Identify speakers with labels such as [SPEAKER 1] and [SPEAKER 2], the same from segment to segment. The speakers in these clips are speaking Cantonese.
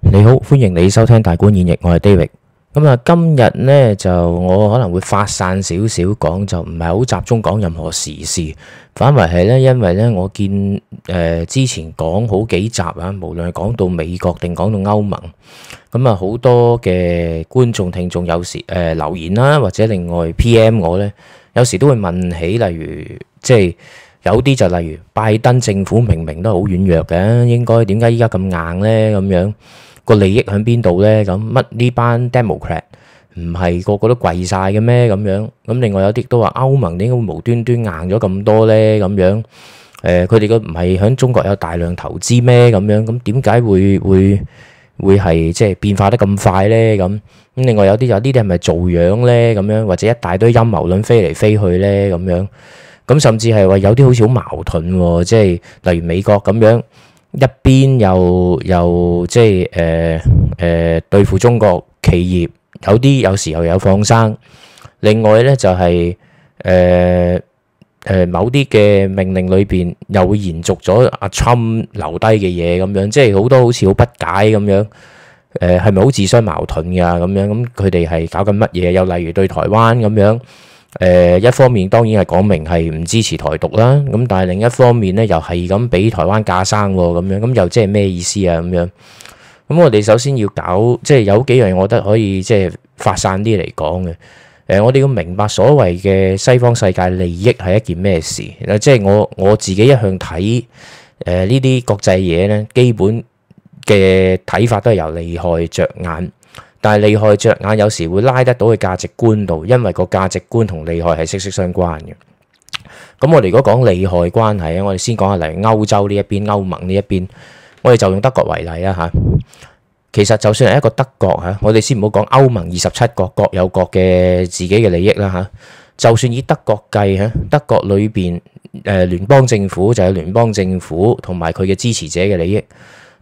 [SPEAKER 1] 你好，歡迎你收聽大觀演繹，我係 David。咁啊，今日呢，就我可能會發散少少講，就唔係好集中講任何時事，反為係呢，因為呢，我見誒、呃、之前講好幾集啊，無論係講到美國定講到歐盟，咁啊好多嘅觀眾聽眾有時誒、呃、留言啦，或者另外 PM 我呢，有時都會問起，例如即係有啲就例如拜登政府明明都好軟弱嘅，應該點解依家咁硬呢？咁樣？個利益喺邊度咧？咁乜呢班 Democrat 唔係個個都跪曬嘅咩？咁樣咁另外有啲都話歐盟點解會無端端硬咗咁多咧？咁樣誒，佢哋個唔係喺中國有大量投資咩？咁樣咁點解會會會係即係變化得咁快咧？咁咁另外有啲就呢啲係咪做樣咧？咁樣或者一大堆陰謀論飛嚟飛去咧？咁樣咁甚至係話有啲好似好矛盾，即係例如美國咁樣。一邊又又即係誒誒對付中國企業，有啲有時候有放生。另外咧就係誒誒某啲嘅命令裏邊又會延續咗阿侵留低嘅嘢咁樣，即係好多好似好不解咁樣誒，係咪好自相矛盾㗎咁樣，咁佢哋係搞緊乜嘢？又例如對台灣咁樣。誒、呃、一方面當然係講明係唔支持台獨啦，咁但係另一方面咧又係咁俾台灣架生喎，咁樣咁又即係咩意思啊？咁樣咁我哋首先要搞即係有幾樣，我覺得可以即係發散啲嚟講嘅。誒、呃，我哋要明白所謂嘅西方世界利益係一件咩事？即係我我自己一向睇誒呢啲國際嘢呢，基本嘅睇法都係由利害着眼。但係利害着眼，有時會拉得到嘅價值觀度，因為個價值觀同利害係息息相關嘅。咁我哋如果講利害關係咧，我哋先講下嚟歐洲呢一邊，歐盟呢一邊，我哋就用德國為例啦吓。其實就算係一個德國吓，我哋先唔好講歐盟二十七國各有各嘅自己嘅利益啦吓。就算以德國計吓，德國裏邊誒聯邦政府就有聯邦政府同埋佢嘅支持者嘅利益。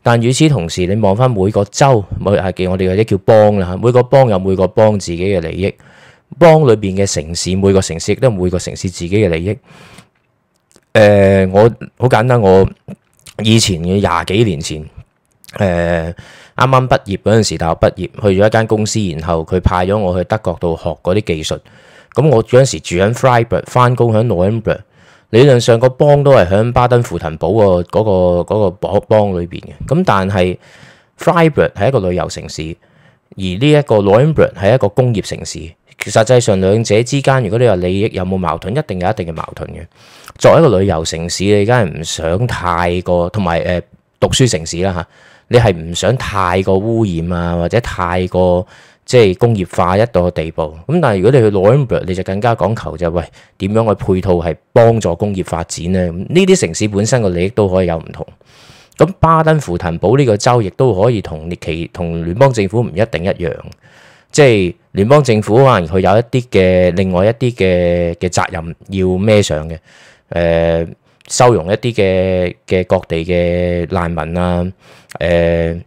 [SPEAKER 1] 但與此同時，你望翻每個州，每啊我哋或者叫邦啦，每個邦有每個邦自己嘅利益，邦裏邊嘅城市，每個城市亦都每個城市自己嘅利益。誒、呃，我好簡單，我以前嘅廿幾年前，誒、呃，啱啱畢業嗰陣時，大學畢業，去咗一間公司，然後佢派咗我去德國度學嗰啲技術。咁我嗰陣時住緊 Freiburg，翻工喺 Nürnberg。理論上邦、嗰個嗰個邦都係喺巴登符騰堡個嗰個嗰個邦裏邊嘅。咁，但係 Freiburg 係一個旅遊城市，而呢一個 Lombard 係一個工業城市。實際上兩者之間，如果你話利益有冇矛盾，一定有一定嘅矛盾嘅。作為一個旅遊城市，你梗係唔想太過同埋誒讀書城市啦嚇，你係唔想太過污染啊，或者太過。即係工業化一到個地步，咁但係如果你去攞，你就更加講求就係、喂點樣去配套係幫助工業發展呢？呢啲城市本身個利益都可以有唔同。咁巴登符騰堡呢個州亦都可以同其同聯邦政府唔一定一樣。即係聯邦政府可能佢有一啲嘅另外一啲嘅嘅責任要孭上嘅。誒、呃，收容一啲嘅嘅各地嘅難民啊，誒、呃。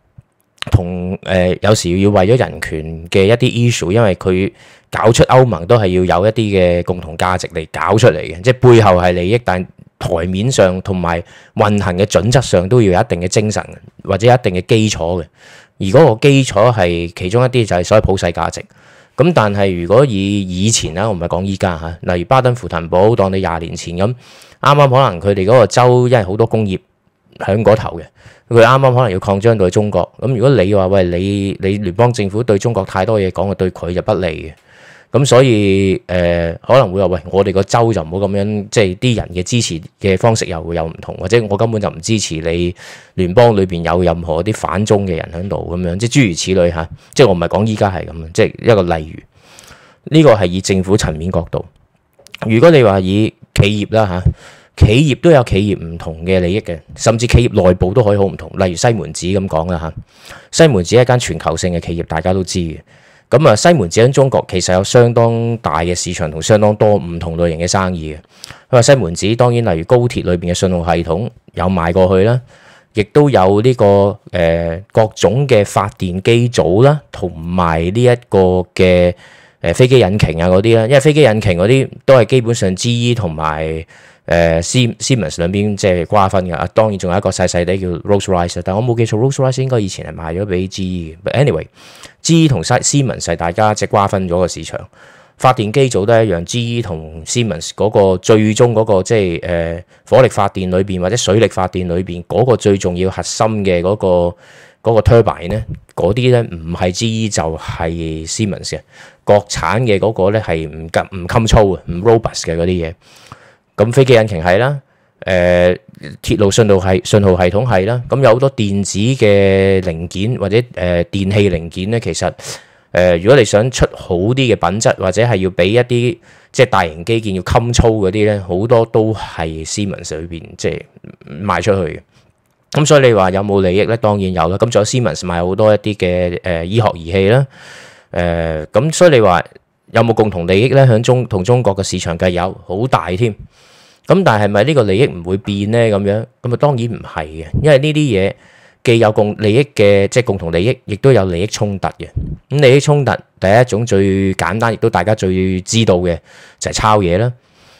[SPEAKER 1] 同誒、呃、有時要為咗人權嘅一啲 issue，因為佢搞出歐盟都係要有一啲嘅共同價值嚟搞出嚟嘅，即係背後係利益，但係台面上同埋運行嘅準則上都要有一定嘅精神或者一定嘅基礎嘅。而嗰個基礎係其中一啲就係所謂普世價值。咁但係如果以以前啦，我唔係講依家吓，例如巴登符騰堡，當你廿年前咁，啱啱可能佢哋嗰個州因為好多工業響嗰頭嘅。佢啱啱可能要擴張到去中國，咁如果你話喂你你聯邦政府對中國太多嘢講，對佢就不利嘅，咁所以誒、呃、可能會話喂，我哋個州就唔好咁樣，即係啲人嘅支持嘅方式又會有唔同，或者我根本就唔支持你聯邦裏邊有任何啲反中嘅人喺度咁樣，即係諸如此類嚇，即係我唔係講依家係咁樣，即係一個例如，呢、呢個係以政府層面角度。如果你話以企業啦嚇。企業都有企業唔同嘅利益嘅，甚至企業內部都可以好唔同。例如西門子咁講啦嚇，西門子係一間全球性嘅企業，大家都知嘅。咁啊，西門子喺中國其實有相當大嘅市場同相當多唔同類型嘅生意嘅。咁啊，西門子當然例如高鐵裏邊嘅信號系統有賣過去啦，亦都有呢、這個誒、呃、各種嘅發電機組啦，同埋呢一個嘅誒飛機引擎啊嗰啲啦，因為飛機引擎嗰啲都係基本上 GE 同埋。誒 Siemens 兩邊即係瓜分嘅，當然仲有一個細細哋叫 Rolls-Royce 但我冇記錯，Rolls-Royce 應該以前係賣咗俾 GE 嘅。Anyway，GE 同 Siemens 係大家即係瓜分咗個市場。發電機組都一樣，GE 同 Siemens 嗰個最終嗰個即係誒火力發電裏邊或者水力發電裏邊嗰個最重要核心嘅嗰個嗰個 turbine 咧，嗰啲咧唔係 GE 就係 Siemens 嘅。國產嘅嗰個咧係唔夾唔襟操啊，唔 robust 嘅嗰啲嘢。咁飛機引擎係啦，誒、呃、鐵路信號係信號系統係啦，咁有好多電子嘅零件或者誒、呃、電器零件咧，其實誒、呃、如果你想出好啲嘅品質或者係要俾一啲即係大型基建要襟操嗰啲咧，好多都係 Siemens 裏邊即係賣出去嘅。咁所以你話有冇利益咧？當然有啦。咁仲有 Siemens 賣好多一啲嘅誒醫學儀器啦，誒、呃、咁所以你話有冇共同利益咧？響中同中國嘅市場計有好大添。咁但係咪呢個利益唔會變呢？咁樣咁啊當然唔係嘅，因為呢啲嘢既有共利益嘅，即係共同利益，亦都有利益衝突嘅。咁利益衝突第一種最簡單，亦都大家最知道嘅就係抄嘢啦。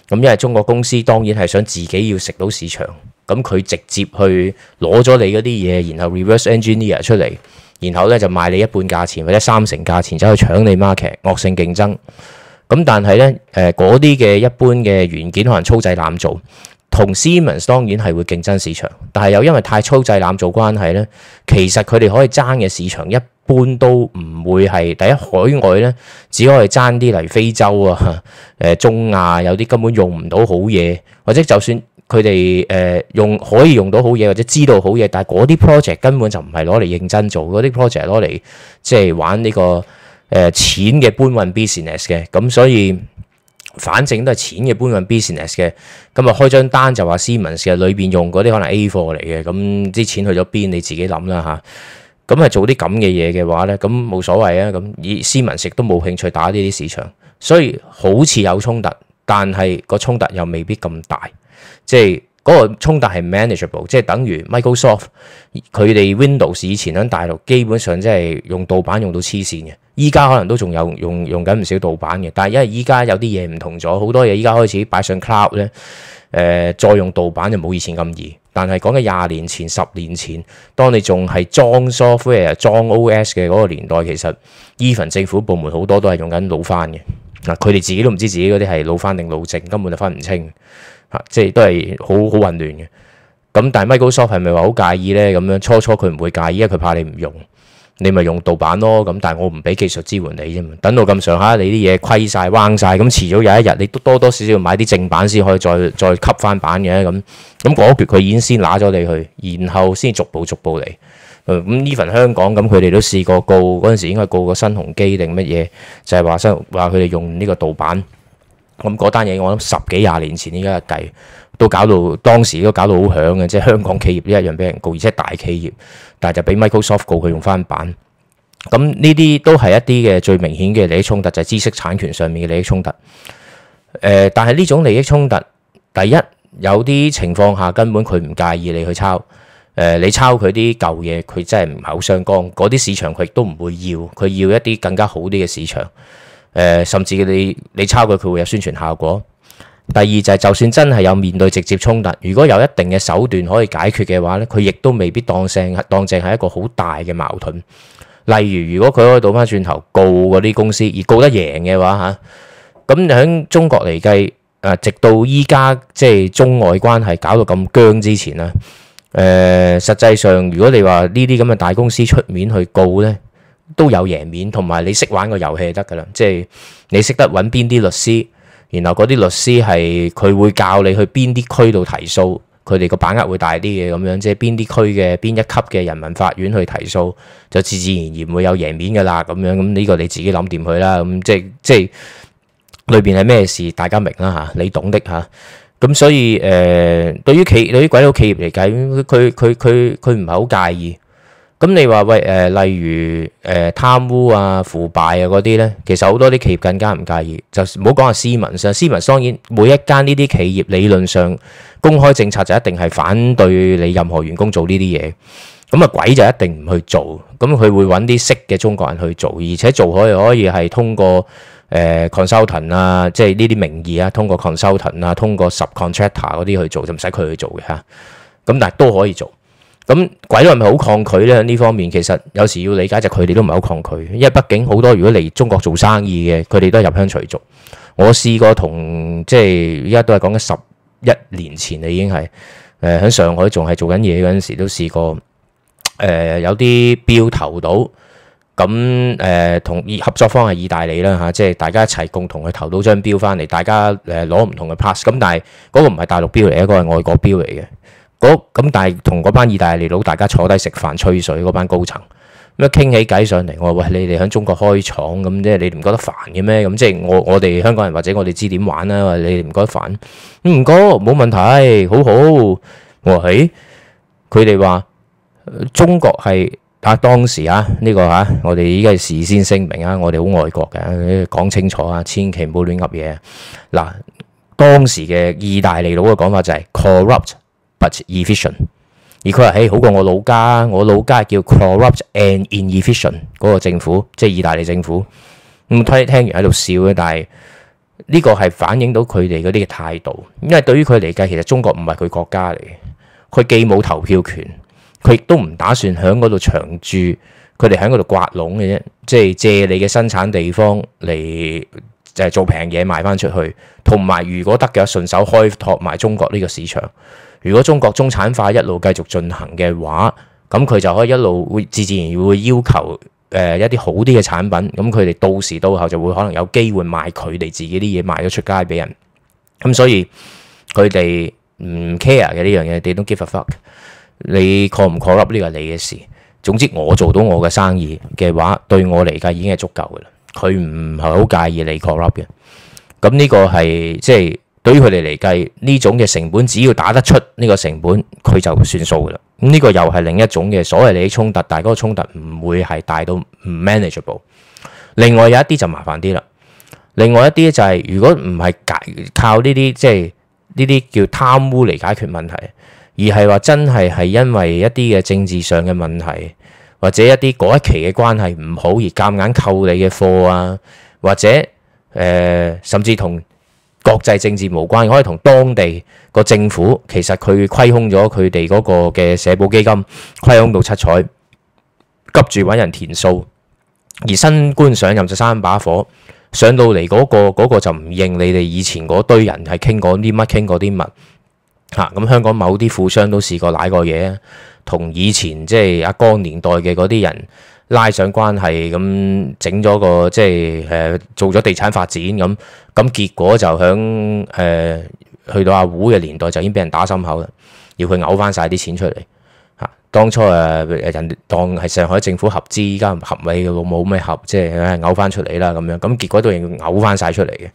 [SPEAKER 1] 咁因為中國公司當然係想自己要食到市場，咁佢直接去攞咗你嗰啲嘢，然後 reverse engineer 出嚟，然後呢就賣你一半價錢或者三成價錢，走去搶你 market，惡性競爭。咁但係咧，誒嗰啲嘅一般嘅元件可能粗製濫造，同 Siemens 當然係會競爭市場，但係又因為太粗製濫造關係咧，其實佢哋可以爭嘅市場一般都唔會係第一海外咧，只可以爭啲嚟非洲啊，誒中亞有啲根本用唔到好嘢，或者就算佢哋誒用可以用到好嘢，或者知道好嘢，但係嗰啲 project 根本就唔係攞嚟認真做，嗰啲 project 攞嚟即係玩呢個。誒、呃、錢嘅搬運 business 嘅，咁、嗯、所以反正都係錢嘅搬運 business 嘅，咁、嗯、啊開張單就話斯文食，裏邊用嗰啲可能 A 貨嚟嘅，咁、嗯、啲錢去咗邊你自己諗啦吓，咁、嗯、啊做啲咁嘅嘢嘅話咧，咁、嗯、冇所謂啊。咁、嗯、以斯文食都冇興趣打呢啲市場，所以好似有衝突，但係個衝突又未必咁大，即係嗰個衝突係 manageable，即係等於 Microsoft 佢哋 Windows 以前喺大陸基本上即係用盜版用到黐線嘅。依家可能都仲有用用緊唔少盜版嘅，但係因為依家有啲嘢唔同咗，好多嘢依家開始擺上 cloud 咧，誒、呃、再用盜版就冇以前咁易。但係講緊廿年前、十年前，當你仲係裝 software、裝 OS 嘅嗰個年代，其實 even 政府部門好多都係用緊老翻嘅，嗱，佢哋自己都唔知自己嗰啲係老翻定老正，根本就分唔清，嚇即係都係好好混亂嘅。咁但係 Microsoft 係咪話好介意咧？咁樣初初佢唔會介意，因為佢怕你唔用。你咪用盜版咯，咁但係我唔俾技術支援你啫嘛。等到咁上下，你啲嘢虧晒、彎晒，咁，遲早有一日，你都多多少少要買啲正版先可以再再吸翻版嘅咁。咁嗰一橛，佢已經先拿咗你去，然後先逐步逐步嚟。咁呢份香港咁，佢哋都試過告嗰陣時應該，應該告個新鴻基定乜嘢，就係、是、話新話佢哋用呢個盜版。咁嗰單嘢，我諗十幾廿年前，依家計。都搞到當時都搞到好響嘅，即係香港企業呢一樣俾人告，而且大企業，但係就俾 Microsoft 告佢用翻版。咁呢啲都係一啲嘅最明顯嘅利益衝突，就係、是、知識產權上面嘅利益衝突。呃、但係呢種利益衝突，第一有啲情況下根本佢唔介意你去抄。誒、呃，你抄佢啲舊嘢，佢真係唔係好相干。嗰啲市場佢亦都唔會要，佢要一啲更加好啲嘅市場。誒、呃，甚至你你抄佢，佢會有宣傳效果。第二就係，就算真係有面對直接衝突，如果有一定嘅手段可以解決嘅話咧，佢亦都未必當成當正係一個好大嘅矛盾。例如，如果佢可以倒返轉頭告嗰啲公司，而告得贏嘅話嚇，咁喺中國嚟計，誒、直到依家即係中外關係搞到咁僵之前啊，誒實際上如果你話呢啲咁嘅大公司出面去告咧，都有贏面，同埋你識玩個遊戲就得噶啦，即係你識得搵邊啲律師。然後嗰啲律師係佢會教你去邊啲區度提訴，佢哋個把握會大啲嘅咁樣，即係邊啲區嘅邊一級嘅人民法院去提訴，就自自然然會有贏面噶啦，咁樣咁呢、這個你自己諗掂佢啦，咁即係即係裏邊係咩事，大家明啦嚇，你懂的嚇。咁、啊、所以誒、呃，對於企對於鬼佬企業嚟計，佢佢佢佢唔係好介意。咁你話喂誒，例如誒貪污啊、腐敗啊嗰啲咧，其實好多啲企業更加唔介意，就唔好講啊。斯文先，斯文當然每一間呢啲企業理論上公開政策就一定係反對你任何員工做呢啲嘢，咁啊鬼就一定唔去做，咁佢會揾啲識嘅中國人去做，而且做可以可以係通過誒 consultant 啊，即係呢啲名義啊，通過 consultant 啊，通過 subcontractor 嗰啲去做就唔使佢去做嘅嚇，咁但係都可以做。咁鬼佬係咪好抗拒咧？喺呢方面，其實有時要理解就佢哋都唔係好抗拒，因為畢竟好多如果嚟中國做生意嘅，佢哋都係入鄉隨俗。我試過同即係依家都係講緊十一年前你已經係誒喺上海仲係做緊嘢嗰陣時，都試過誒、呃、有啲標投到，咁誒同意合作方係意大利啦嚇、啊，即係大家一齊共同去投到張標翻嚟，大家誒攞唔同嘅 pass。咁但係嗰個唔係大陸標嚟，一、嗰個係外國標嚟嘅。咁，但係同嗰班意大利佬，大家坐低食飯吹水嗰班高層咁一傾起偈上嚟，我話喂，你哋喺中國開廠咁，即係你哋唔覺得煩嘅咩？咁即係我我哋香港人或者我哋知點玩啦，你哋唔覺得煩唔唔該冇問題，好好。我話誒，佢哋話中國係啊，當時啊呢、這個嚇、啊，我哋依家係事先聲明啊，我哋好愛國嘅，講、啊、清楚啊，千祈唔好亂噏嘢嗱。當時嘅意大利佬嘅講法就係 corrupt。efficient，而佢話：嘿，好過我老家。我老家叫 corrupt and inefficient 嗰個政府，即係意大利政府。咁、嗯、我聽，聽完喺度笑嘅，但係呢個係反映到佢哋嗰啲嘅態度，因為對於佢嚟計，其實中國唔係佢國家嚟，佢既冇投票權，佢亦都唔打算喺嗰度長住，佢哋喺嗰度刮龍嘅啫，即係借你嘅生產地方嚟就係做平嘢賣翻出去，同埋如果得嘅順手開拓埋中國呢個市場。如果中國中產化一路繼續進行嘅話，咁佢就可以一路會自自然會要求誒、呃、一啲好啲嘅產品，咁佢哋到時到後就會可能有機會賣佢哋自己啲嘢賣咗出街俾人。咁所以佢哋唔 care 嘅呢樣嘢，你都 give a fuck。你 fuck 唔 fuck up 呢個係你嘅事。總之我做到我嘅生意嘅話，對我嚟講已經係足夠嘅啦。佢唔係好介意你 fuck up 嘅。咁呢個係即係。對於佢哋嚟計，呢種嘅成本，只要打得出呢個成本，佢就算數噶啦。呢、呢個又係另一種嘅所謂利益衝突，但係嗰個衝突唔會係大到唔 manageable。另外有一啲就麻煩啲啦。另外一啲就係、是、如果唔係解靠呢啲即係呢啲叫貪污嚟解決問題，而係話真係係因為一啲嘅政治上嘅問題，或者一啲嗰一期嘅關係唔好而夾硬扣你嘅貨啊，或者誒、呃、甚至同。國際政治無關，可以同當地個政府，其實佢虧空咗佢哋嗰個嘅社保基金，虧空到七彩，急住揾人填數。而新官上任就三把火，上到嚟嗰個嗰個就唔認你哋以前嗰堆人係傾過啲乜傾過啲乜。嚇、啊。咁、嗯、香港某啲富商都試過賴過嘢，同以前即係阿江年代嘅嗰啲人。拉上關係，咁整咗個即係誒做咗地產發展咁，咁結果就響誒去到阿胡嘅年代就已經俾人打心口啦，要佢嘔翻晒啲錢出嚟嚇。當初誒人當係上海政府合資，依家唔合尾嘅冇，冇咩合，即係嘔翻出嚟啦咁樣。咁結果都係嘔翻晒出嚟嘅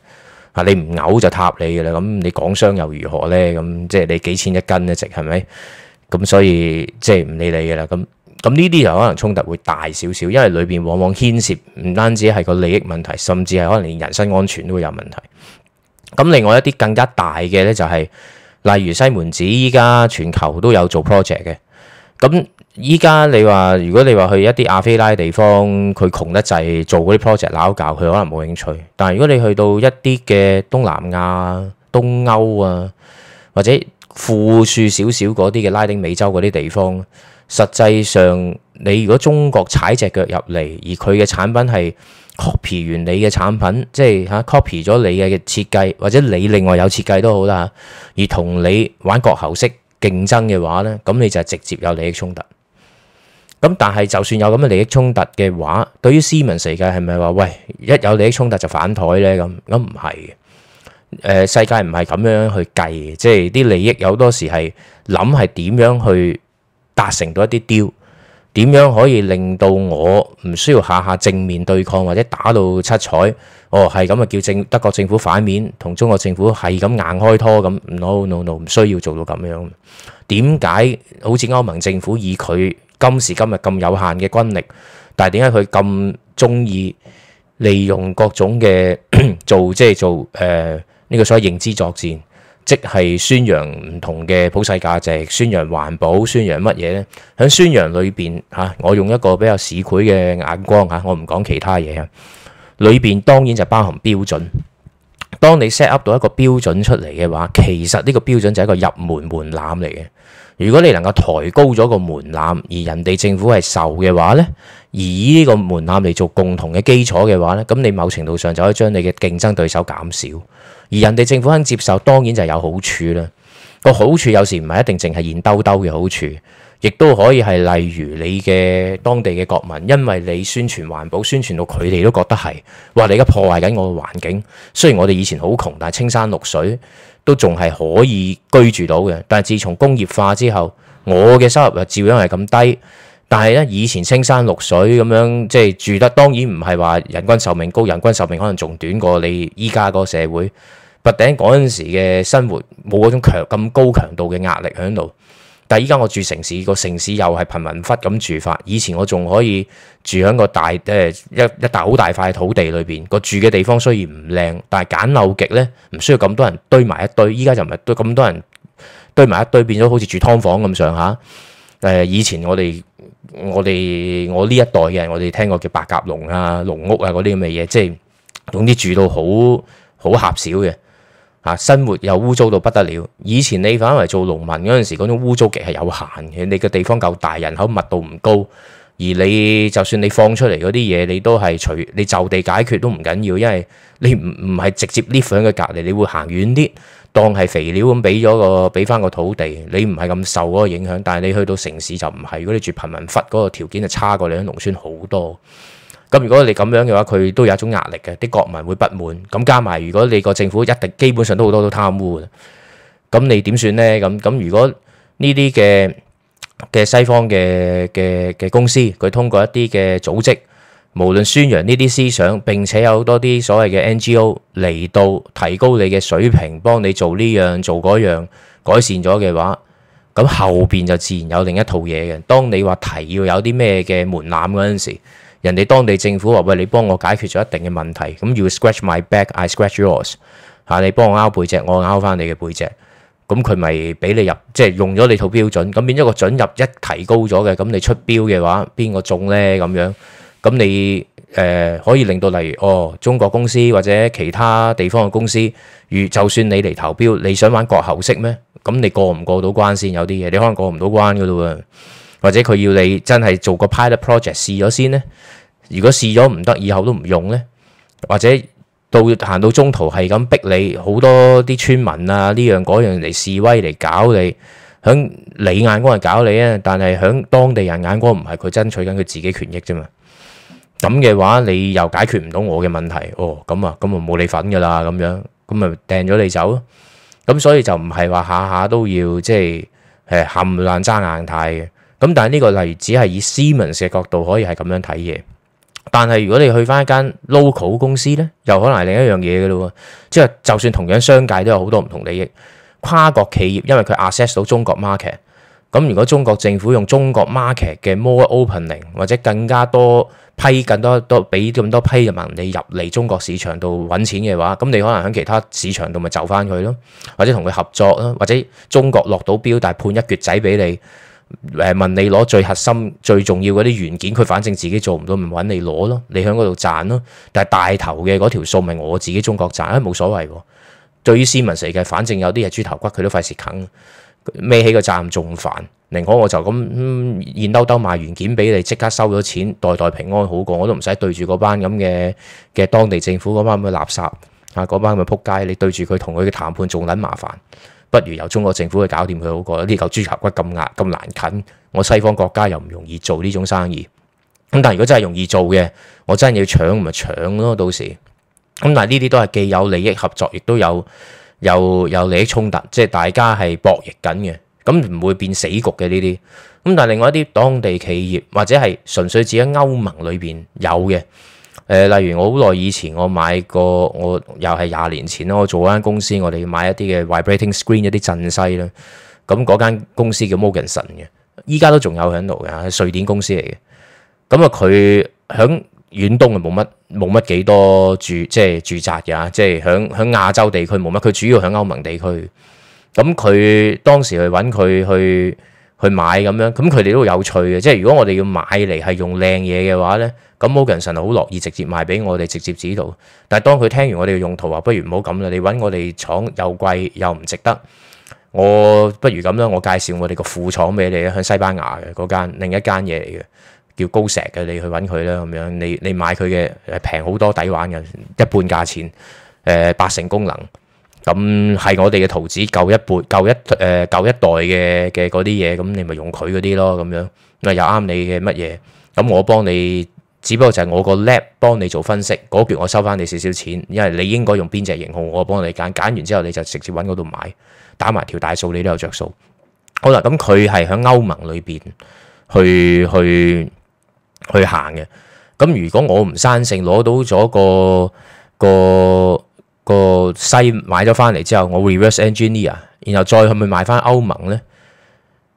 [SPEAKER 1] 嚇。你唔嘔就塔你嘅啦。咁你港商又如何咧？咁即係你幾錢一斤一值係咪？咁所以即係唔理你嘅啦咁。咁呢啲就可能衝突會大少少，因為裏邊往往牽涉唔單止係個利益問題，甚至係可能連人身安全都會有問題。咁另外一啲更加大嘅呢、就係，就係例如西門子依家全球都有做 project 嘅。咁依家你話，如果你話去一啲亞非拉地方，佢窮得滯，做嗰啲 project 撈教，佢可能冇興趣。但係如果你去到一啲嘅東南亞、東歐啊，或者富庶少少嗰啲嘅拉丁美洲嗰啲地方。實際上，你如果中國踩隻腳入嚟，而佢嘅產品係 copy 完你嘅產品，即係嚇 copy 咗你嘅設計，或者你另外有設計都好啦嚇，而同你玩割喉式競爭嘅話咧，咁你就直接有利益衝突。咁但係就算有咁嘅利益衝突嘅話，對於斯文世界係咪話喂，一有利益衝突就反台咧？咁咁唔係嘅，世界唔係咁樣去計嘅，即係啲利益有多時係諗係點樣去。達成到一啲碉，點樣可以令到我唔需要下下正面對抗，或者打到七彩哦？係咁啊，叫政德國政府反面同中國政府係咁硬開拖咁？No no no，唔需要做到咁樣。點解好似歐盟政府以佢今時今日咁有限嘅軍力，但係點解佢咁中意利用各種嘅 做即係做誒呢、呃這個所謂認知作戰？即係宣揚唔同嘅普世價值，宣揚環保，宣揚乜嘢呢？喺宣揚裏邊嚇，我用一個比較市儈嘅眼光嚇、啊，我唔講其他嘢啊。裏邊當然就包含標準。當你 set up 到一個標準出嚟嘅話，其實呢個標準就係一個入門門檻嚟嘅。如果你能夠抬高咗個門檻，而人哋政府係受嘅話呢，以呢個門檻嚟做共同嘅基礎嘅話呢，咁你某程度上就可以將你嘅競爭對手減少。而人哋政府肯接受，當然就有好處啦。個好處有時唔係一定淨係現兜兜嘅好處，亦都可以係例如你嘅當地嘅國民，因為你宣傳環保，宣傳到佢哋都覺得係話你而家破壞緊我嘅環境。雖然我哋以前好窮，但係青山綠水都仲係可以居住到嘅。但係自從工業化之後，我嘅收入又照樣係咁低。但係呢，以前青山綠水咁樣即係住得，當然唔係話人均壽命高，人均壽命可能仲短過你依家個社會。拔頂嗰陣時嘅生活冇嗰種強咁高強度嘅壓力喺度，但係依家我住城市，個城市又係貧民窟咁住法。以前我仲可以住喺個大誒、呃、一一大好大塊土地裏邊，個住嘅地方雖然唔靚，但係簡陋極咧，唔需要咁多人堆埋一堆。依家就唔係堆咁多人堆埋一堆，變咗好似住劏房咁上下。誒、呃，以前我哋我哋我呢一代嘅人，我哋聽過叫白鴿籠啊、籠屋啊嗰啲咁嘅嘢，即係總之住到好好狹小嘅。嚇生活又污糟到不得了。以前你反為做農民嗰陣時，嗰種污糟極係有限嘅。你個地方夠大，人口密度唔高。而你就算你放出嚟嗰啲嘢，你都係隨你就地解決都唔緊要，因為你唔唔係直接 lift 喺佢隔離，你會行遠啲，當係肥料咁俾咗個俾翻個土地。你唔係咁受嗰個影響，但係你去到城市就唔係。如果你住貧民窟，嗰個條件就差過你喺農村好多。咁如果你咁樣嘅話，佢都有一種壓力嘅，啲國民會不滿。咁加埋，如果你個政府一定基本上都好多都貪污嘅，咁你點算呢？咁咁如果呢啲嘅嘅西方嘅嘅嘅公司，佢通過一啲嘅組織，無論宣揚呢啲思想，並且有好多啲所謂嘅 NGO 嚟到提高你嘅水平，幫你做呢樣做嗰樣改善咗嘅話，咁後邊就自然有另一套嘢嘅。當你話提要有啲咩嘅門檻嗰陣時。人哋當地政府話：喂，你幫我解決咗一定嘅問題，咁 You scratch my back, I scratch yours。嚇，你幫我撓背脊，我撓翻你嘅背脊。咁佢咪俾你入，即係用咗你套標準。咁變咗個准入一提高咗嘅，咁你出標嘅話，邊個中呢？咁樣咁你誒可以令到例如，哦，中國公司或者其他地方嘅公司，如就算你嚟投標，你想玩割喉式咩？咁你過唔過到關先？有啲嘢你可能過唔到關噶啦喎。或者佢要你真係做個 pilot project 試咗先呢？如果試咗唔得，以後都唔用呢？或者到行到中途係咁逼你，好多啲村民啊，呢樣嗰樣嚟示威嚟搞你，響你眼光係搞你啊。但係響當地人眼光唔係佢爭取緊佢自己權益啫嘛。咁嘅話，你又解決唔到我嘅問題哦。咁啊，咁啊冇你份㗎啦。咁樣咁咪掟咗你走咯。咁所以就唔係話下下都要即係誒冚爛揸硬態嘅。咁但係呢個例子只係以 Siemens 嘅角度可以係咁樣睇嘢，但係如果你去翻一間 local 公司呢，又可能係另一樣嘢噶咯。即係就算同樣商界都有好多唔同利益，跨國企業因為佢 access 到中國 market，咁如果中國政府用中國 market 嘅 more opening 或者更加多批更多多俾咁多批嘅民你入嚟中國市場度揾錢嘅話，咁你可能喺其他市場度咪就翻佢咯，或者同佢合作啦，或者中國落到標，但係判一橛仔俾你。誒問你攞最核心、最重要嗰啲元件，佢反正自己做唔到，唔揾你攞咯。你喺嗰度賺咯。但係大頭嘅嗰條數咪我自己中國賺，啊冇所謂喎。對於斯文世界，反正有啲係豬頭骨，佢都費事啃。孭起個責任仲煩。寧可我就咁、嗯、現兜兜賣元件俾你，即刻收咗錢，代代平安好過。我都唔使對住嗰班咁嘅嘅當地政府嗰班咁嘅垃圾嚇，嗰班咁嘅仆街。你對住佢同佢嘅談判仲撚麻煩。不如由中國政府去搞掂佢好過。呢嚿豬頭骨咁壓咁難啃，我西方國家又唔容易做呢種生意咁，但如果真係容易做嘅，我真係要搶咪搶咯。到時咁，但係呢啲都係既有利益合作，亦都有有有利益衝突，即係大家係博弈緊嘅，咁唔會變死局嘅呢啲。咁但係另外一啲當地企業或者係純粹自己歐盟裏邊有嘅。誒，例如我好耐以前，我買過，我又係廿年前啦。我做間公司，我哋買一啲嘅 vibrating screen 一啲振篩啦。咁嗰間公司叫 Morganson 嘅，依家都仲有喺度嘅，係瑞典公司嚟嘅。咁啊，佢響遠東啊冇乜冇乜幾多住，即係住宅㗎，即係響響亞洲地區冇乜。佢主要喺歐盟地區。咁佢當時去揾佢去。去買咁樣，咁佢哋都有趣嘅。即係如果我哋要買嚟係用靚嘢嘅話呢，咁 Morgan 神好樂意直接賣俾我哋直接指導。但係當佢聽完我哋嘅用途話，不如唔好咁啦。你揾我哋廠又貴又唔值得。我不如咁樣，我介紹我哋個副廠俾你啊，喺西班牙嘅嗰間另一間嘢嚟嘅，叫高石嘅，你去揾佢啦咁樣。你你買佢嘅平好多，抵玩嘅，一半價錢，誒、呃、八成功能。咁係我哋嘅圖紙，舊一輩、舊一誒、呃、舊一代嘅嘅嗰啲嘢，咁你咪用佢嗰啲咯，咁樣咪又啱你嘅乜嘢？咁我幫你，只不過就係我個 lab 幫你做分析，嗰邊我收翻你少少錢，因為你應該用邊隻型號，我幫你揀，揀完之後你就直接揾嗰度買，打埋條大數你都有着數。好啦，咁佢係喺歐盟裏邊去去去去行嘅。咁如果我唔生性攞到咗個個。個西買咗翻嚟之後，我 reverse engineer，然後再去咪去賣翻歐盟呢。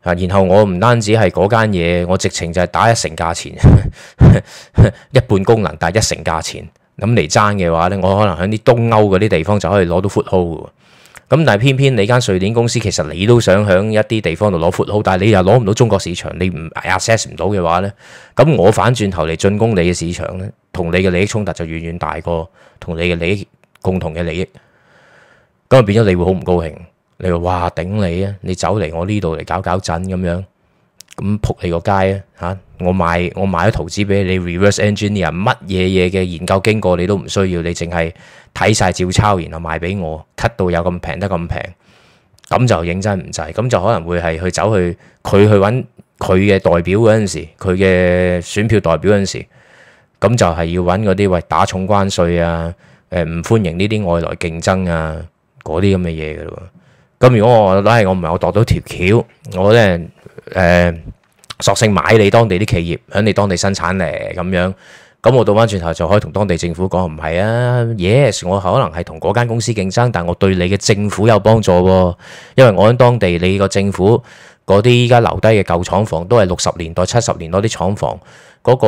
[SPEAKER 1] 啊，然後我唔單止係嗰間嘢，我直情就係打一成價錢， 一半功能，但係一成價錢咁嚟爭嘅話呢，我可能喺啲東歐嗰啲地方就可以攞到 foothold。咁但係偏偏你間瑞典公司其實你都想響一啲地方度攞 foothold，但係你又攞唔到中國市場，你唔 access 唔到嘅話呢。咁我反轉頭嚟進攻你嘅市場呢，同你嘅利益衝突就遠遠大過同你嘅利益共同嘅利益，咁啊變咗你會好唔高興，你話哇頂你啊！你走嚟，我呢度嚟搞搞震咁樣，咁撲你個街啊！吓我賣我賣咗投資俾你，你，reverse engineer 乜嘢嘢嘅研究經過你都唔需要，你淨係睇晒照抄，然後賣俾我，cut 到有咁平得咁平，咁就認真唔滯，咁就可能會係去走去佢去揾佢嘅代表嗰陣時，佢嘅選票代表嗰陣時，咁就係要揾嗰啲喂打重關稅啊！誒，唔、呃、歡迎呢啲外來競爭啊，嗰啲咁嘅嘢噶咯。咁如果我都係我唔係我度到條橋，我咧誒、呃，索性買你當地啲企業喺你當地生產咧咁樣，咁我倒翻轉頭就可以同當地政府講唔係啊，yes，嗯、我可能係同嗰間公司競爭，但我對你嘅政府有幫助啊，因為我喺當地你個政府。嗰啲依家留低嘅舊廠房都係六十年代、七十年代啲廠房，嗰個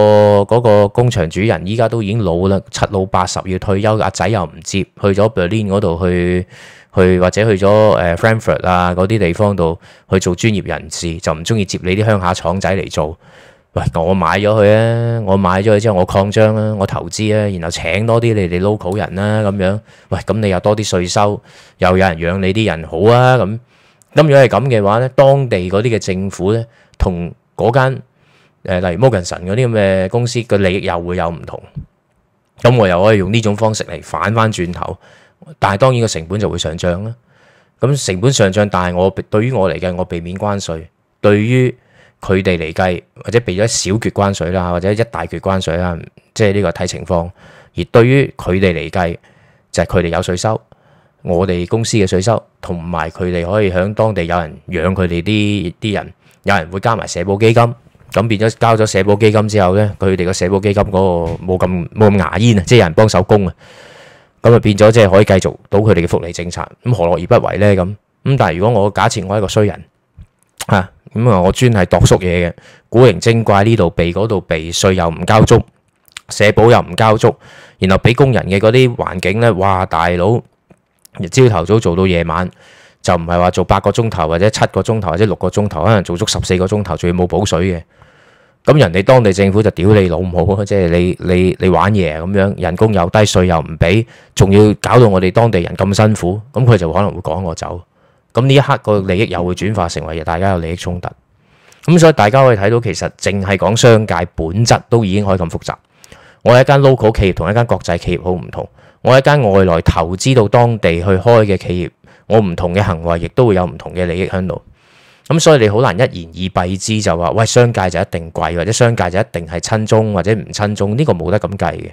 [SPEAKER 1] 嗰個工場主人依家都已經老啦，七老八十要退休，阿仔又唔接，去咗 Berlin 嗰度去去或者去咗誒 Frankfurt 啊嗰啲地方度去做專業人士，就唔中意接你啲鄉下廠仔嚟做。喂，我買咗佢啊，我買咗佢之後，我擴張啦，我投資啦，然後請多啲你哋 local 人啦，咁樣。喂，咁你又多啲稅收，又有人養你啲人，好啊咁。咁如果係咁嘅話咧，當地嗰啲嘅政府咧，同嗰間誒，例如摩根臣嗰啲咁嘅公司嘅利益又會有唔同。咁我又可以用呢種方式嚟反翻轉頭，但係當然個成本就會上漲啦。咁成本上漲，但係我對於我嚟計，我避免關稅；對於佢哋嚟計，或者避咗一小決關稅啦，或者一大決關稅啦，即係呢個睇情況。而對於佢哋嚟計，就係佢哋有稅收。我哋公司嘅稅收，同埋佢哋可以喺當地有人養佢哋啲啲人，有人會加埋社保基金，咁變咗交咗社保基金之後咧，佢哋個社保基金嗰個冇咁冇咁牙煙啊，即係有人幫手供啊，咁啊，變咗即係可以繼續到佢哋嘅福利政策。咁何樂而不為咧？咁咁，但係如果我假設我係個衰人嚇，咁啊，我專係度縮嘢嘅古靈精怪，呢度避嗰度避，稅又唔交足，社保又唔交足，然後俾工人嘅嗰啲環境咧，哇大佬！朝頭早做到夜晚，就唔係話做八個鐘頭或者七個鐘頭或者六個鐘頭，可能做足十四個鐘頭仲要冇補水嘅。咁人哋當地政府就屌你老母，即係你你你玩嘢啊咁樣，人工又低，稅又唔俾，仲要搞到我哋當地人咁辛苦，咁佢就可能會趕我走。咁呢一刻個利益又會轉化成為大家有利益衝突。咁所以大家可以睇到，其實淨係講商界本質都已經可以咁複雜。我喺一間 local 企業，同一間國際企業好唔同。我一間外來投資到當地去開嘅企業，我唔同嘅行為亦都會有唔同嘅利益喺度，咁所以你好難一言以蔽之就話喂，商界就一定貴，或者商界就一定係親中或者唔親中，呢個冇得咁計嘅，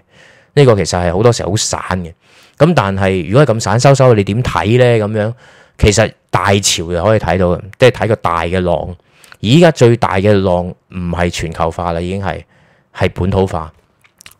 [SPEAKER 1] 呢個其實係好多時候好散嘅，咁但係如果係咁散收收，你點睇呢？咁樣其實大潮又可以睇到，即係睇個大嘅浪，而家最大嘅浪唔係全球化啦，已經係係本土化。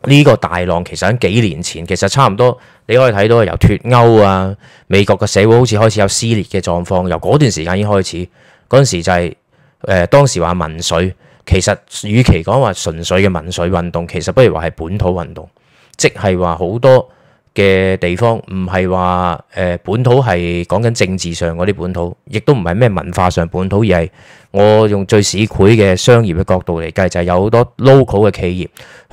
[SPEAKER 1] 呢個大浪其實喺幾年前，其實差唔多你可以睇到係由脫歐啊，美國嘅社會好似開始有撕裂嘅狀況，由嗰段時間已經開始。嗰陣時就係、是、誒、呃，當時話民粹，其實與其講話純粹嘅民粹運動，其實不如話係本土運動，即係話好多。嘅地方唔係話，誒，本土係講緊政治上嗰啲本土，亦都唔係咩文化上本土，而係我用最市儈嘅商業嘅角度嚟計，就係、是、有好多 local 嘅企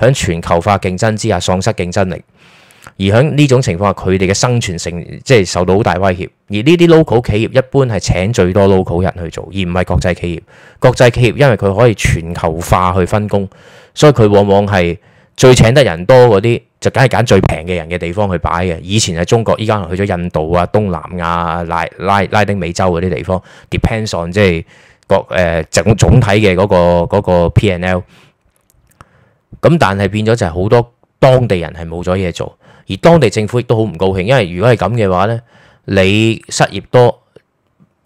[SPEAKER 1] 業響全球化競爭之下喪失競爭力，而響呢種情況下，佢哋嘅生存性即係受到好大威脅，而呢啲 local 企業一般係請最多 local 人去做，而唔係國際企業，國際企業因為佢可以全球化去分工，所以佢往往係。最請得人多嗰啲，就梗係揀最平嘅人嘅地方去擺嘅。以前係中國，依家去咗印度啊、東南亞、拉拉拉丁美洲嗰啲地方。depends on 即係個誒整總體嘅嗰個嗰個 P&L。咁但係變咗就係好多當地人係冇咗嘢做，而當地政府亦都好唔高興，因為如果係咁嘅話呢，你失業多，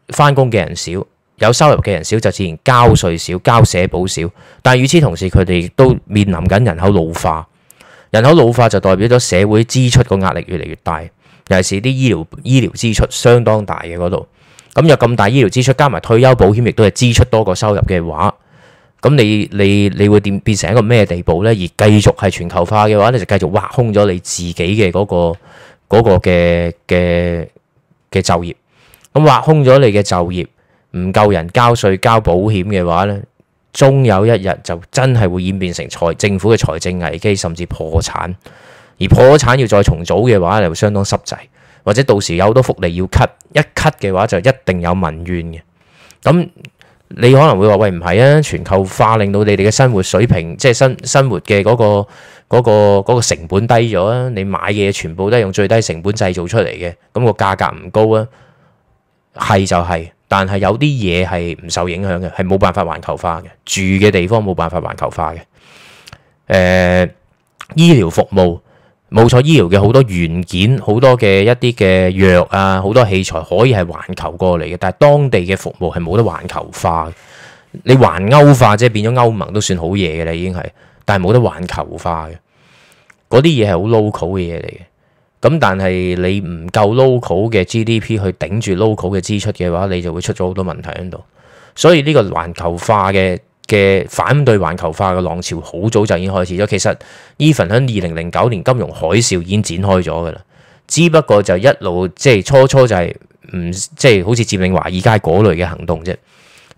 [SPEAKER 1] 翻工嘅人少。有收入嘅人少，就自然交稅少、交社保少。但係與此同時，佢哋亦都面臨緊人口老化。嗯、人口老化就代表咗社會支出個壓力越嚟越大，尤其是啲醫療醫療支出相當大嘅嗰度。咁有咁大醫療支出，加埋退休保險，亦都係支出多過收入嘅話，咁你你你會變變成一個咩地步呢？而繼續係全球化嘅話，你就繼續挖空咗你自己嘅嗰、嗰個嘅嘅嘅就業，咁挖空咗你嘅就業。唔夠人交稅、交保險嘅話呢，終有一日就真係會演變成財政府嘅財政危機，甚至破產。而破咗產要再重組嘅話，就相當濕滯，或者到時有好多福利要 cut，一 cut 嘅話就一定有民怨嘅。咁你可能會話喂，唔係啊，全球化令到你哋嘅生活水平，即係生生活嘅嗰個嗰個嗰個成本低咗啊，你買嘢全部都係用最低成本製造出嚟嘅，咁個價格唔高啊，係就係。但係有啲嘢係唔受影響嘅，係冇辦法環球化嘅。住嘅地方冇辦法環球化嘅。誒、呃，醫療服務冇錯，醫療嘅好多元件、好多嘅一啲嘅藥啊，好多器材可以係環球過嚟嘅，但係當地嘅服務係冇得環球化。你環歐化即係，變咗歐盟都算好嘢嘅啦，已經係，但係冇得環球化嘅。嗰啲嘢係好 local 嘅嘢嚟嘅。咁但係你唔夠 local 嘅 GDP 去頂住 local 嘅支出嘅話，你就會出咗好多問題喺度。所以呢個環球化嘅嘅反對環球化嘅浪潮好早就已經開始咗。其實 even 喺二零零九年金融海嘯已經展開咗噶啦，只不過就一路即係初初就係唔即係好似佔領華爾街嗰類嘅行動啫，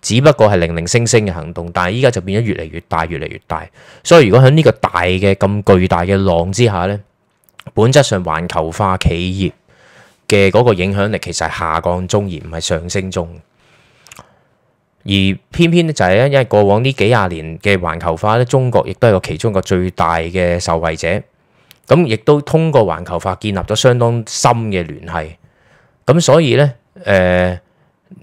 [SPEAKER 1] 只不過係零零星星嘅行動。但係依家就變咗越嚟越大，越嚟越大。所以如果喺呢個大嘅咁巨大嘅浪之下呢。本質上環球化企業嘅嗰個影響力其實係下降中，而唔係上升中。而偏偏就係因為過往呢幾廿年嘅環球化咧，中國亦都係個其中一個最大嘅受惠者。咁亦都通過環球化建立咗相當深嘅聯繫。咁所以咧，誒、呃。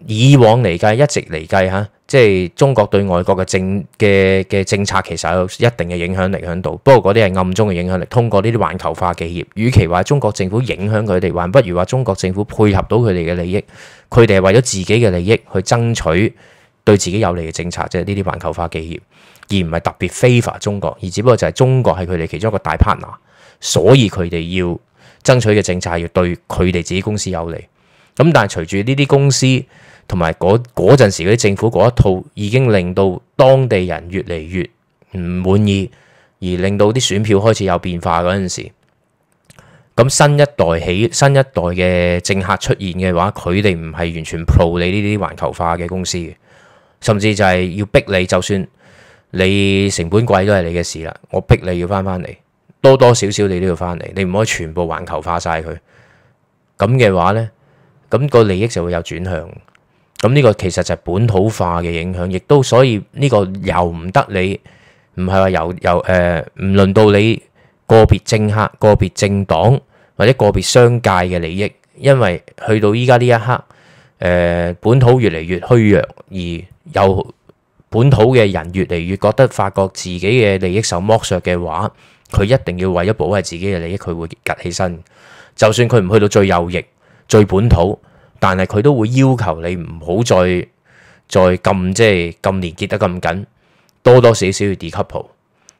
[SPEAKER 1] 以往嚟計一直嚟計吓，即係中國對外國嘅政嘅嘅政策，其實有一定嘅影響力喺度。不過嗰啲係暗中嘅影響力，通過呢啲環球化企業。與其話中國政府影響佢哋，還不如話中國政府配合到佢哋嘅利益。佢哋係為咗自己嘅利益去爭取對自己有利嘅政策，即係呢啲環球化企業，而唔係特別 favor 中國，而只不過就係中國係佢哋其中一個大 partner，所以佢哋要爭取嘅政策係要對佢哋自己公司有利。咁但係隨住呢啲公司同埋嗰嗰陣時嗰啲政府嗰一套已經令到當地人越嚟越唔滿意，而令到啲選票開始有變化嗰陣時，咁新一代起新一代嘅政客出現嘅話，佢哋唔係完全 pro 你呢啲環球化嘅公司嘅，甚至就係要逼你，就算你成本貴都係你嘅事啦。我逼你要翻翻嚟，多多少少你都要翻嚟，你唔可以全部環球化晒佢。咁嘅話咧。咁個利益就會有轉向，咁呢個其實就係本土化嘅影響，亦都所以呢個由唔得你，唔係話由由誒，唔、呃、輪到你個別政客、個別政黨或者個別商界嘅利益，因為去到依家呢一刻，誒、呃、本土越嚟越虛弱，而又本土嘅人越嚟越覺得發覺自己嘅利益受剝削嘅話，佢一定要為咗保衛自己嘅利益，佢會趌起身，就算佢唔去到最右翼。最本土，但係佢都會要求你唔好再再咁即係咁連結得咁緊，多多少少要 decouple，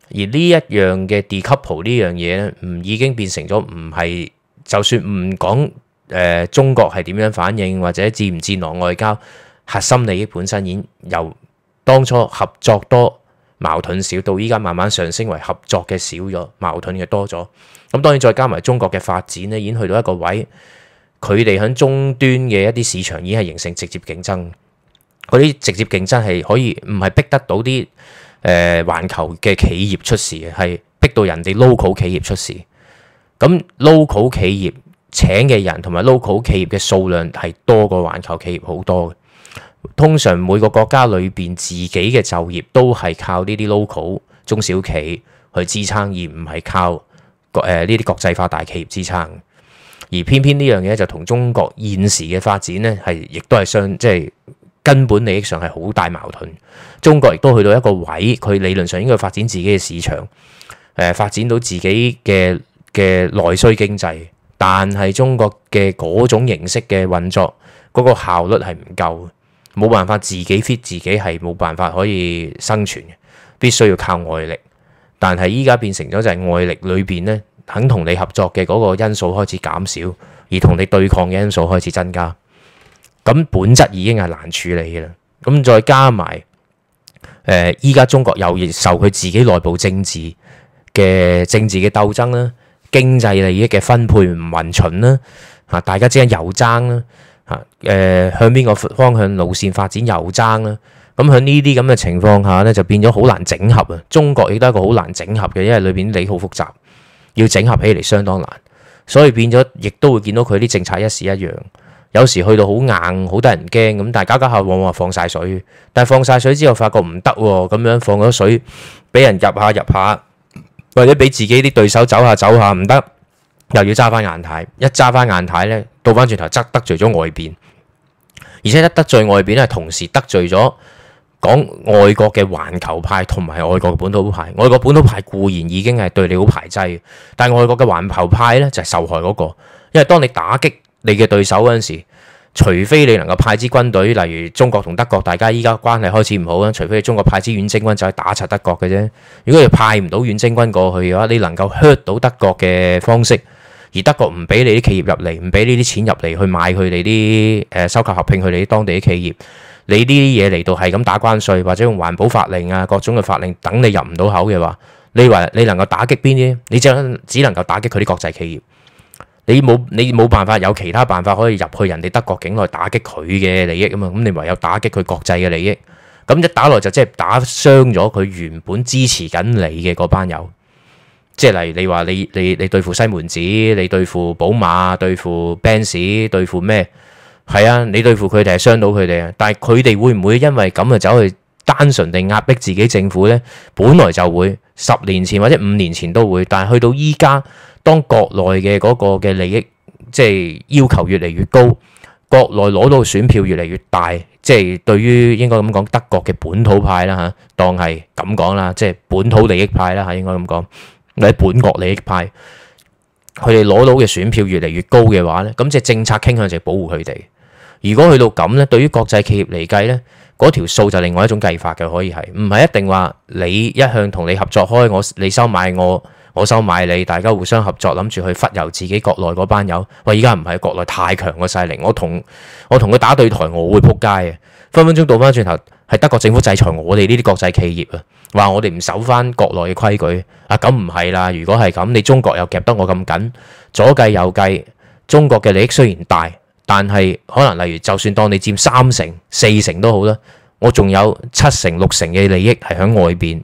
[SPEAKER 1] 而呢一樣嘅 decouple 呢樣嘢呢，唔已經變成咗唔係就算唔講誒中國係點樣反應，或者戰唔戰狼外交核心利益本身已經由當初合作多矛盾少，到依家慢慢上升為合作嘅少咗，矛盾嘅多咗。咁、嗯、當然再加埋中國嘅發展咧，已經去到一個位。佢哋喺中端嘅一啲市場已經係形成直接競爭，嗰啲直接競爭係可以唔係逼得到啲誒環球嘅企業出事嘅，係逼到人哋 local 企業出事。咁 local 企業請嘅人同埋 local 企業嘅數量係多過環球企業好多嘅。通常每個國家裏邊自己嘅就業都係靠呢啲 local 中小企業去支撐，而唔係靠國誒呢啲國際化大企業支撐。而偏偏呢樣嘢就同中國現時嘅發展呢，係亦都係相即係根本利益上係好大矛盾。中國亦都去到一個位，佢理論上應該發展自己嘅市場，誒、呃、發展到自己嘅嘅內需經濟。但係中國嘅嗰種形式嘅運作，嗰、嗰個效率係唔夠，冇辦法自己 fit 自己，係冇辦法可以生存，必須要靠外力。但係依家變成咗就係外力裏邊呢。肯同你合作嘅嗰個因素開始減少，而同你對抗嘅因素開始增加。咁本質已經係難處理嘅啦。咁再加埋誒，依、呃、家中國又受佢自己內部政治嘅政治嘅鬥爭啦，經濟利益嘅分配唔均勻啦，嚇大家之間又爭啦，嚇、呃、誒向邊個方向路線發展又爭啦。咁喺呢啲咁嘅情況下咧，就變咗好難整合啊。中國亦都係一個好難整合嘅，因為裏邊理好複雜。要整合起嚟相當難，所以變咗亦都會見到佢啲政策一時一樣，有時去到好硬，好得人驚咁，但係家家下往往放晒水，但係放晒水之後，發覺唔得喎，咁樣放咗水俾人入下入下，或者俾自己啲對手走下走下唔得，又要揸翻硬態，一揸翻硬態呢，倒翻轉頭則得罪咗外邊，而且一得罪外邊咧，同時得罪咗。講外國嘅環球派同埋外國嘅本土派，外國本土派固然已經係對你好排擠，但係外國嘅環球派呢，就係受害嗰個，因為當你打擊你嘅對手嗰陣時，除非你能夠派支軍隊，例如中國同德國，大家依家關係開始唔好啦，除非中國派支遠征軍就係打柒德國嘅啫。如果你派唔到遠征軍過去嘅話，你能夠 hurt 到德國嘅方式，而德國唔俾你啲企業入嚟，唔俾呢啲錢入嚟去買佢哋啲誒收購合併佢哋啲當地啲企業。你呢啲嘢嚟到係咁打關稅，或者用環保法令啊，各種嘅法令等你入唔到口嘅話，你話你能夠打擊邊啲？你就只能夠打擊佢啲國際企業。你冇你冇辦法有其他辦法可以入去人哋德國境內打擊佢嘅利益吖嘛？咁你唯有打擊佢國際嘅利益。咁一打落就即係打傷咗佢原本支持緊你嘅嗰班友。即係例如你話你你你對付西門子，你對付寶馬，對付 Benz，對付咩？係啊，你對付佢哋係傷到佢哋啊！但係佢哋會唔會因為咁啊走去單純地壓迫自己政府呢？本來就會，十年前或者五年前都會，但係去到依家，當國內嘅嗰個嘅利益即係要求越嚟越高，國內攞到選票越嚟越大，即係對於應該咁講德國嘅本土派啦吓，當係咁講啦，即係本土利益派啦嚇，應該咁講，你本土利益派，佢哋攞到嘅選票越嚟越高嘅話呢，咁即係政策傾向就係保護佢哋。如果去到咁呢，對於國際企業嚟計呢，嗰條數就另外一種計法嘅，可以係唔係一定話你一向同你合作開我，你收買我，我收買你，大家互相合作，諗住去忽悠自己國內嗰班友。喂，依家唔係國內太強個勢力，我同我同佢打對台，我會撲街啊！分分鐘倒翻轉頭係德國政府制裁我哋呢啲國際企業啊！話我哋唔守翻國內嘅規矩啊！咁唔係啦，如果係咁，你中國又夾得我咁緊，左計右計，中國嘅利益雖然大。但係可能例如，就算當你佔三成、四成都好啦，我仲有七成、六成嘅利益係喺外邊，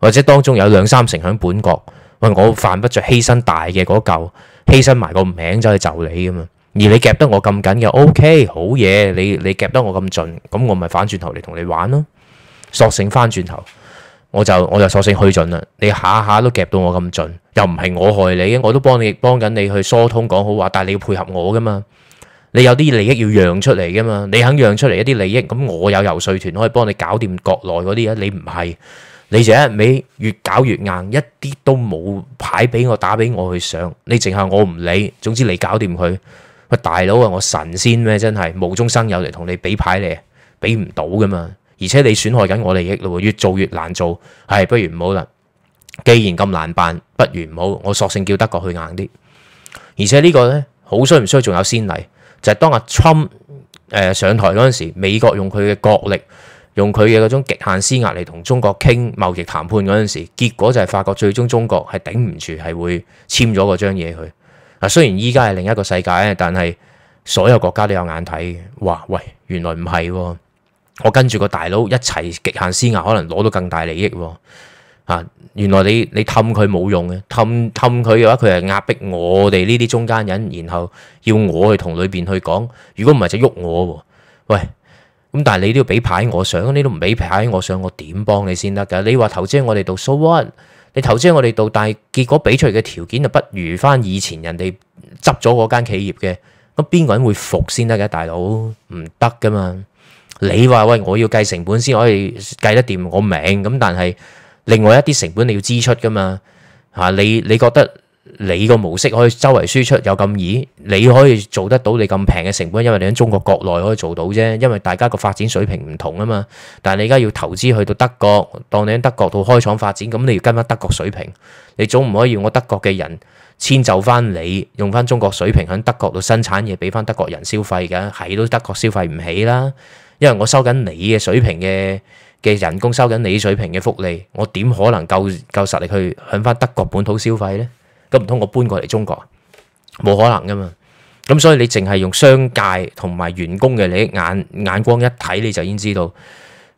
[SPEAKER 1] 或者當中有兩三成喺本國。喂，我犯不着犧牲大嘅嗰嚿，犧牲埋個名走去就，就你噶嘛。而你夾得我咁緊嘅，OK，好嘢，你你夾得我咁盡，咁我咪反轉頭嚟同你玩咯，索性翻轉頭，我就我就索性去盡啦。你下下都夾到我咁盡，又唔係我害你，我都幫你幫緊你去疏通講好話，但係你要配合我噶嘛。你有啲利益要讓出嚟噶嘛？你肯讓出嚟一啲利益，咁我有遊說團可以幫你搞掂國內嗰啲啊！你唔係，你就一味越搞越硬，一啲都冇牌俾我打，俾我去上。你淨係我唔理，總之你搞掂佢。喂，大佬啊，我神仙咩？真係無中生有嚟同你比牌嚟，比唔到噶嘛！而且你損害緊我利益咯，越做越難做，係不如唔好啦。既然咁難辦，不如唔好。我索性叫德國去硬啲。而且呢個呢，好衰唔衰？仲有先例。就係當阿 Trump 誒上台嗰陣時，美國用佢嘅國力，用佢嘅嗰種極限施壓嚟同中國傾貿易談判嗰陣時，結果就係發覺最終中國係頂唔住，係會簽咗嗰張嘢佢。啊，雖然依家係另一個世界咧，但係所有國家都有眼睇嘅。哇，喂，原來唔係喎，我跟住個大佬一齊極限施壓，可能攞到更大利益喎、哦。啊！原來你你氹佢冇用嘅，氹氹佢嘅話，佢係壓迫我哋呢啲中間人，然後要我去同裏邊去講。如果唔係就喐我喎。喂，咁但係你都要俾牌我上，你都唔俾牌我上，我點幫你先得㗎？你話投資喺我哋度，so what？你投資喺我哋度，但係結果俾出嚟嘅條件就不如翻以前人哋執咗嗰間企業嘅。咁邊個人會服先得㗎？大佬唔得噶嘛！你話喂，我要計成本先可以計得掂我名咁，但係。另外一啲成本你要支出噶嘛，嚇、啊，你你覺得你個模式可以周圍輸出，有咁易，你可以做得到你咁平嘅成本，因為你喺中國國內可以做到啫。因為大家個發展水平唔同啊嘛。但係你而家要投資去到德國，當你喺德國度開廠發展，咁你要跟翻德國水平。你總唔可以用我德國嘅人遷就翻你，用翻中國水平喺德國度生產嘢，俾翻德國人消費㗎，係都德國消費唔起啦。因為我收緊你嘅水平嘅。嘅人工收緊你水平嘅福利，我點可能夠夠實力去響翻德國本土消費呢？咁唔通我搬過嚟中國？冇可能噶嘛！咁所以你淨係用商界同埋員工嘅利益眼眼光一睇，你就已經知道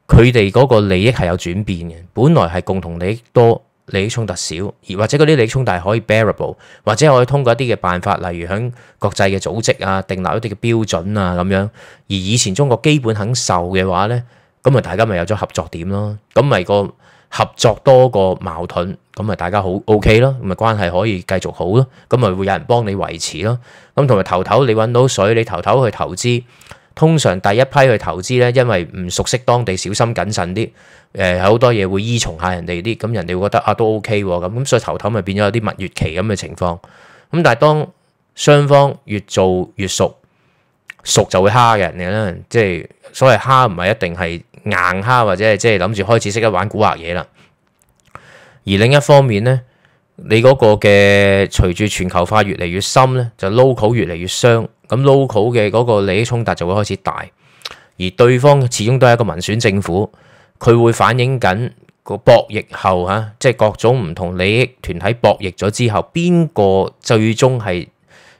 [SPEAKER 1] 佢哋嗰個利益係有轉變嘅。本來係共同利益多，利益衝突少，而或者嗰啲利益衝突係可以 bearable，或者我可以通過一啲嘅辦法，例如響國際嘅組織啊，定立一啲嘅標準啊咁樣。而以前中國基本肯受嘅話呢。咁咪大家咪有咗合作點咯，咁咪個合作多過矛盾，咁咪大家好 OK 咯，咁咪關係可以繼續好咯，咁咪會有人幫你維持咯。咁同埋頭頭你揾到水，你頭頭去投資，通常第一批去投資呢，因為唔熟悉當地，小心謹慎啲。誒，好多嘢會依從下人哋啲，咁人哋會覺得啊都 OK 咁，咁所以頭頭咪變咗有啲蜜月期咁嘅情況。咁但係當雙方越做越熟。熟就會蝦嘅，你咧即係所謂蝦唔係一定係硬蝦，或者係即係諗住開始識得玩古惑嘢啦。而另一方面咧，你嗰個嘅隨住全球化越嚟越深咧，就 local 越嚟越傷，咁 local 嘅嗰個利益衝突就會開始大。而對方始終都係一個民選政府，佢會反映緊個博弈後嚇，即係各種唔同利益團體博弈咗之後，邊個最終係？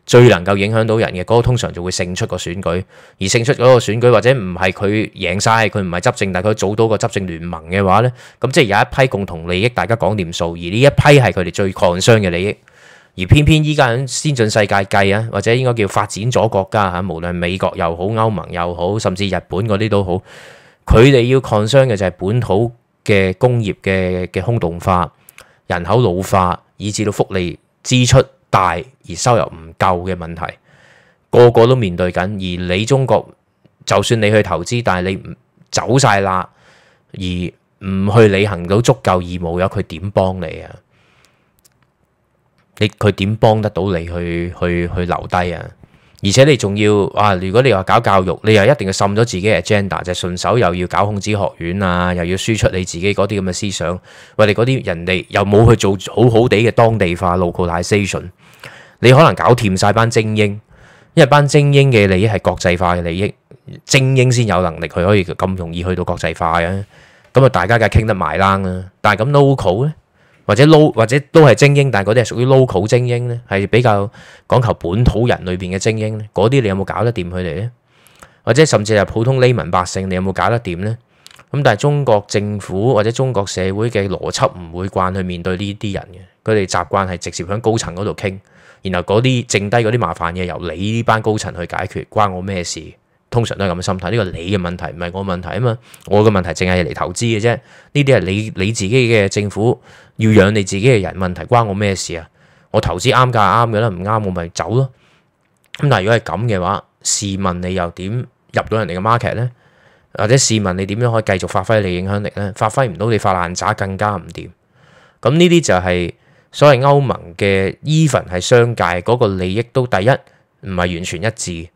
[SPEAKER 1] 最能夠影響到人嘅嗰個通常就會勝出個選舉，而勝出嗰個選舉或者唔係佢贏晒，佢唔係執政，但佢組到個執政聯盟嘅話呢，咁即係有一批共同利益，大家講掂數，而呢一批係佢哋最抗商嘅利益，而偏偏依家喺先進世界計啊，或者應該叫發展咗國家嚇，無論美國又好，歐盟又好，甚至日本嗰啲都好，佢哋要抗商嘅就係本土嘅工業嘅嘅空洞化、人口老化，以至到福利支出。大而收入唔夠嘅問題，個個都面對緊。而你中國就算你去投資，但係你唔走晒啦，而唔去履行到足夠義務，有佢點幫你啊？你佢點幫得到你去去去留低啊？而且你仲要啊！如果你又話搞教育，你又一定要滲咗自己嘅 agenda，就順手又要搞孔子學院啊，又要輸出你自己嗰啲咁嘅思想。喂，你嗰啲人哋又冇去做好好哋嘅當地化 localization，你可能搞掂晒班精英，因為班精英嘅利益係國際化嘅利益，精英先有能力佢可以咁容易去到國際化嘅。咁啊，大家梗係傾得埋冷啦。但係咁 local 咧？或者 local 或者都係精英，但係嗰啲係屬於 local 精英咧，係比較講求本土人裏邊嘅精英咧。嗰啲你有冇搞得掂佢哋咧？或者甚至係普通 layman 百姓，你有冇搞得掂咧？咁但係中國政府或者中國社會嘅邏輯唔會慣去面對呢啲人嘅，佢哋習慣係直接喺高層嗰度傾，然後嗰啲剩低嗰啲麻煩嘢由你呢班高層去解決，關我咩事？通常都係咁嘅心態，呢個你嘅問題唔係我問題啊嘛，我嘅問題淨係嚟投資嘅啫。呢啲係你你自己嘅政府要養你自己嘅人問題，關我咩事啊？我投資啱㗎係啱嘅啦，唔啱我咪走咯。咁但係如果係咁嘅話，試問你又點入到人哋嘅 market 呢？或者試問你點樣可以繼續發揮你影響力呢？發揮唔到，你發爛渣更加唔掂。咁呢啲就係所謂歐盟嘅 even 係商界嗰個利益都第一，唔係完全一致。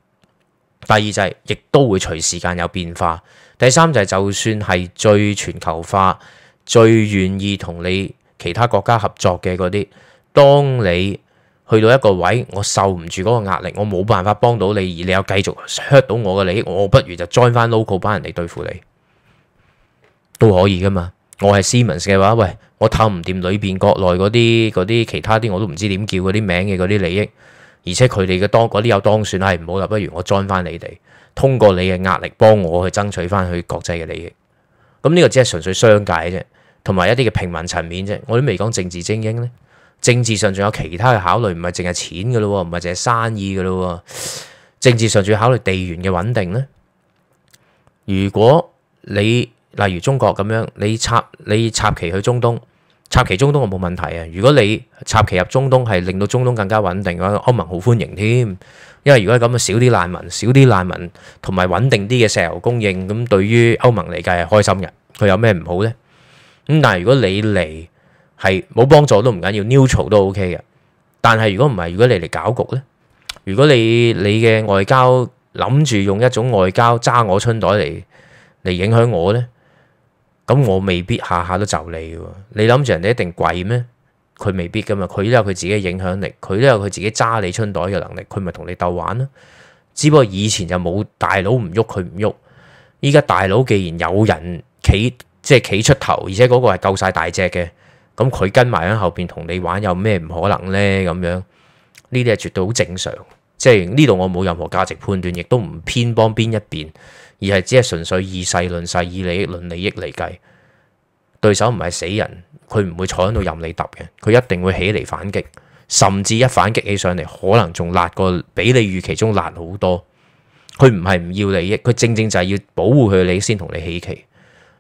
[SPEAKER 1] 第二就係、是，亦都會隨時間有變化。第三就係、是，就算係最全球化、最願意同你其他國家合作嘅嗰啲，當你去到一個位，我受唔住嗰個壓力，我冇辦法幫到你，而你又繼續 hurt 到我嘅利益，我不如就 join 翻 local 幫人哋對付你都可以噶嘛。我係 Siemens 嘅話，喂，我氹唔掂裏邊國內嗰啲嗰啲其他啲我都唔知點叫嗰啲名嘅嗰啲利益。而且佢哋嘅當嗰啲有當選係唔好啦，不如我 join 翻你哋，通過你嘅壓力幫我去爭取翻佢國際嘅利益。咁呢個只係純粹商界啫，同埋一啲嘅平民層面啫。我都未講政治精英咧，政治上仲有其他嘅考慮，唔係淨係錢嘅咯喎，唔係淨係生意嘅咯喎。政治上仲要考慮地緣嘅穩定咧。如果你例如中國咁樣，你插你插旗去中東。插旗中東我冇問題啊！如果你插旗入中東係令到中東更加穩定嘅話，歐盟好歡迎添。因為如果係咁啊，少啲難民，少啲難民，同埋穩定啲嘅石油供應，咁對於歐盟嚟計係開心嘅。佢有咩唔好咧？咁但係如果你嚟係冇幫助都唔緊要，neutral 都 OK 嘅。但係如果唔係，如果你嚟搞局咧，如果你你嘅外交諗住用一種外交揸我春袋嚟嚟影響我咧？咁我未必下下都就你嘅，你諗住人哋一定跪咩？佢未必噶嘛，佢都有佢自己嘅影響力，佢都有佢自己揸你春袋嘅能力，佢咪同你鬥玩咯？只不過以前就冇大佬唔喐，佢唔喐。依家大佬既然有人企，即係企出頭，而且嗰個係夠晒大隻嘅，咁佢跟埋喺後邊同你玩，有咩唔可能呢？咁樣呢啲係絕對好正常，即係呢度我冇任何價值判斷，亦都唔偏幫邊一邊。而係只係純粹以勢論勢，以利益論利益嚟計。對手唔係死人，佢唔會坐喺度任你揼嘅，佢一定會起嚟反擊，甚至一反擊起上嚟，可能仲辣過比你預期中辣好多。佢唔係唔要利益，佢正正就係要保護佢利益先同你起棋。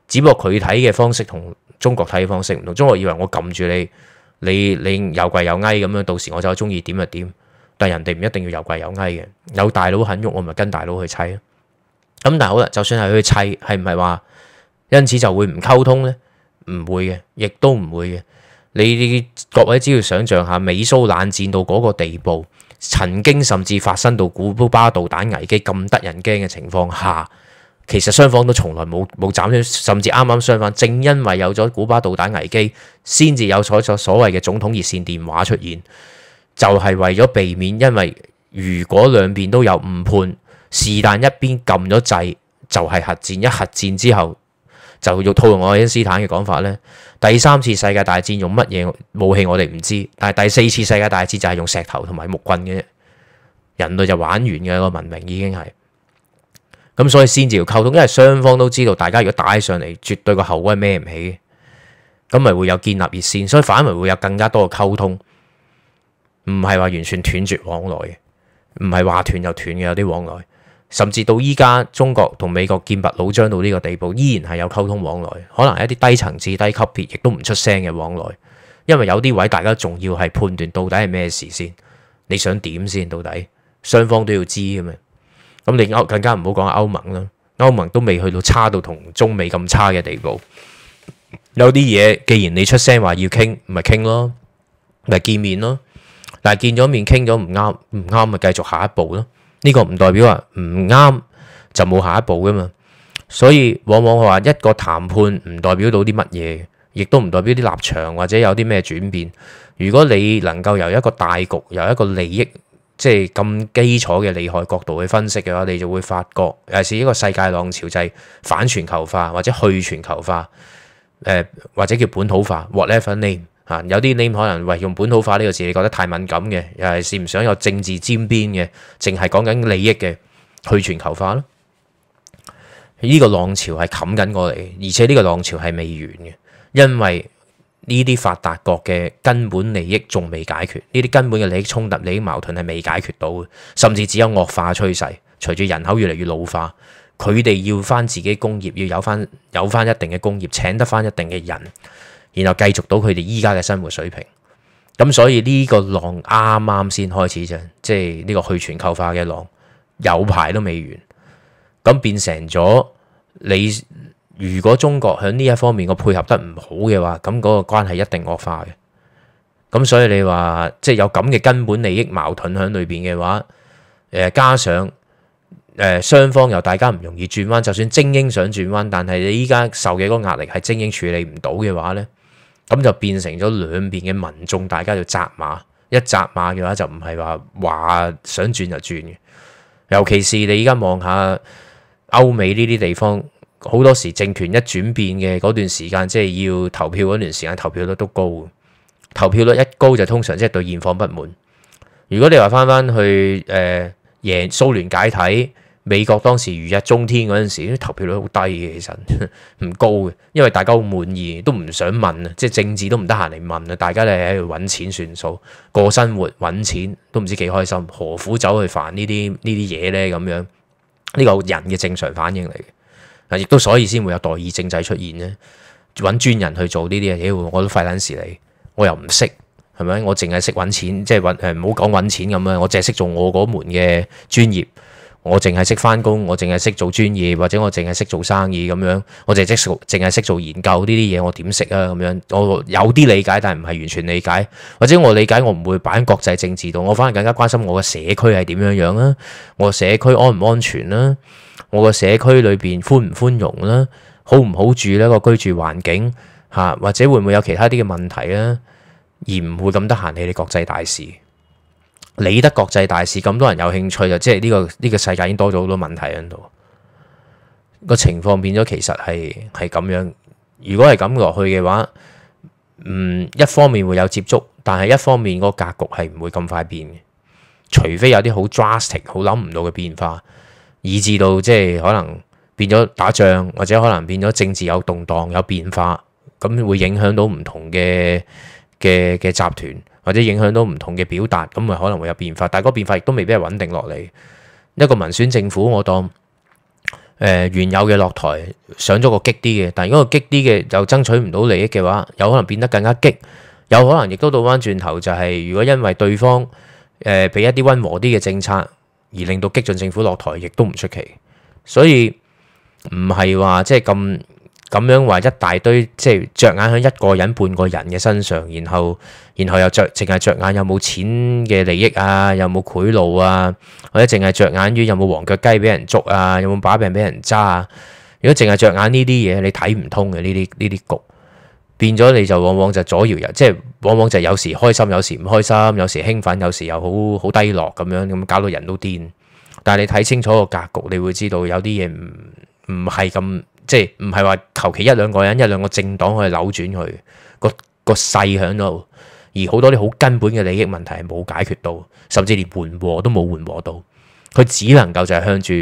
[SPEAKER 1] 只不過佢睇嘅方式同中國睇嘅方式唔同，中國以為我撳住你，你你又貴又矮咁樣，到時我就中意點就點。但係人哋唔一定要有貴有矮嘅，有大佬肯喐，我咪跟大佬去砌啊！咁但係好啦，就算係去砌，係唔係話因此就會唔溝通咧？唔會嘅，亦都唔會嘅。你各位只要想像下美蘇冷戰到嗰個地步，曾經甚至發生到古巴導彈危機咁得人驚嘅情況下，其實雙方都從來冇冇斬斷，甚至啱啱相反，正因為有咗古巴導彈危機，先至有所所所謂嘅總統熱線電話出現，就係為咗避免，因為如果兩邊都有誤判。是但一邊撳咗掣，就係、是、核戰。一核戰之後，就要套用愛因斯坦嘅講法咧。第三次世界大戰用乜嘢，武器我哋唔知，但係第四次世界大戰就係用石頭同埋木棍嘅啫。人類就玩完嘅，個文明已經係咁，所以先至要溝通，因為雙方都知道大家如果打起上嚟，絕對個後果孭唔起嘅。咁咪會有建立熱線，所以反而會有更加多嘅溝通，唔係話完全斷絕往來，唔係話斷就斷嘅，有啲往來。甚至到依家，中國同美國劍拔弩張到呢個地步，依然係有溝通往來。可能係一啲低層次、低級別，亦都唔出聲嘅往來。因為有啲位，大家仲要係判斷到底係咩事先，你想點先？到底雙方都要知嘅咩？咁你歐更加唔好講歐盟啦，歐盟都未去到差到同中美咁差嘅地步。有啲嘢，既然你出聲話要傾，咪傾咯，咪見面咯。但係，見咗面傾咗唔啱，唔啱咪繼續下一步咯。呢個唔代表話唔啱就冇下一步噶嘛。所以往往佢話一個談判唔代表到啲乜嘢，亦都唔代表啲立場或者有啲咩轉變。如果你能夠由一個大局、由一個利益即係咁基礎嘅利害角度去分析嘅話，你就會發覺，尤其是呢個世界浪潮就係反全球化或者去全球化，誒、呃、或者叫本土化。Whatever 呢？有啲你可能為用本土化呢個字，你覺得太敏感嘅，尤其係唔想有政治沾邊嘅，淨係講緊利益嘅去全球化咯。呢個浪潮係冚緊過嚟，而且呢個浪潮係未完嘅，因為呢啲發達國嘅根本利益仲未解決，呢啲根本嘅利益衝突、利益矛盾係未解決到嘅，甚至只有惡化嘅趨勢。隨住人口越嚟越老化，佢哋要翻自己工業要有翻有翻一定嘅工業，請得翻一定嘅人。然後繼續到佢哋依家嘅生活水平，咁所以呢個浪啱啱先開始啫，即係呢個去全球化嘅浪有排都未完。咁變成咗你如果中國喺呢一方面個配合得唔好嘅話，咁嗰個關係一定惡化嘅。咁所以你話即係有咁嘅根本利益矛盾喺裏邊嘅話，誒、呃、加上誒、呃、雙方又大家唔容易轉彎，就算精英想轉彎，但係你依家受嘅嗰個壓力係精英處理唔到嘅話咧。咁就變成咗兩邊嘅民眾，大家就紮馬。一紮馬嘅話，就唔係話話想轉就轉嘅。尤其是你而家望下歐美呢啲地方，好多時政權一轉變嘅嗰段時間，即係要投票嗰段時間，投票率都高。投票率一高就通常即係對現況不滿。如果你話翻翻去誒、呃、贏蘇聯解體。美國當時如日中天嗰陣時，投票率好低嘅，其實唔高嘅，因為大家好滿意，都唔想問啊，即係政治都唔得閒嚟問啊，大家咧喺度揾錢算數，過生活揾錢都唔知幾開心，何苦走去煩呢啲呢啲嘢呢？咁樣？呢個人嘅正常反應嚟嘅，亦都所以先會有代議政制出現呢，揾專人去做呢啲嘢，我都費卵事你，我又唔識，係咪？我淨係識揾錢，即係唔好講揾錢咁樣，我淨係識做我嗰門嘅專業。我淨係識翻工，我淨係識做專業，或者我淨係識做生意咁樣，我淨係識做，淨係識做研究呢啲嘢，我點識啊咁樣？我有啲理解，但唔係完全理解。或者我理解，我唔會擺喺國際政治度，我反而更加關心我嘅社區係點樣樣啊？我社區安唔安全啦？我個社區裏邊寬唔寬容啦？好唔好住呢個居住環境嚇，或者會唔會有其他啲嘅問題啊？而唔會咁得閒理你國際大事。理得國際大事，咁多人有興趣，就即係呢個呢個世界已經多咗好多問題喺度，個情況變咗其實係係咁樣。如果係咁落去嘅話，嗯，一方面會有接觸，但係一方面個格局係唔會咁快變嘅，除非有啲好 drastic、好諗唔到嘅變化，以致到即係可能變咗打仗，或者可能變咗政治有動盪有變化，咁會影響到唔同嘅嘅嘅集團。或者影響到唔同嘅表達，咁咪可能會有變化。但係嗰變化亦都未必係穩定落嚟。一個民選政府，我當誒、呃、原有嘅落台上咗個激啲嘅，但係嗰個激啲嘅又爭取唔到利益嘅話，有可能變得更加激，有可能亦都倒翻轉頭就係、是，如果因為對方誒俾、呃、一啲溫和啲嘅政策，而令到激進政府落台，亦都唔出奇。所以唔係話即係咁。咁樣話一大堆，即係着眼喺一個人、半個人嘅身上，然後，然後又著，淨係着眼有冇錢嘅利益啊，有冇賄賂啊，或者淨係着眼於有冇黃腳雞俾人捉啊，有冇把柄俾人揸啊？如果淨係着眼呢啲嘢，你睇唔通嘅呢啲呢啲局，變咗你就往往就左搖右，即係往往就有時開心，有時唔開心，有時興奮，有時又好好低落咁樣，咁搞到人都癲。但係你睇清楚個格局，你會知道有啲嘢唔唔係咁。即係唔係話求其一兩個人、一兩個政黨去扭轉佢個個勢喺度，而好多啲好根本嘅利益問題係冇解決到，甚至連緩和都冇緩和到。佢只能夠就係向住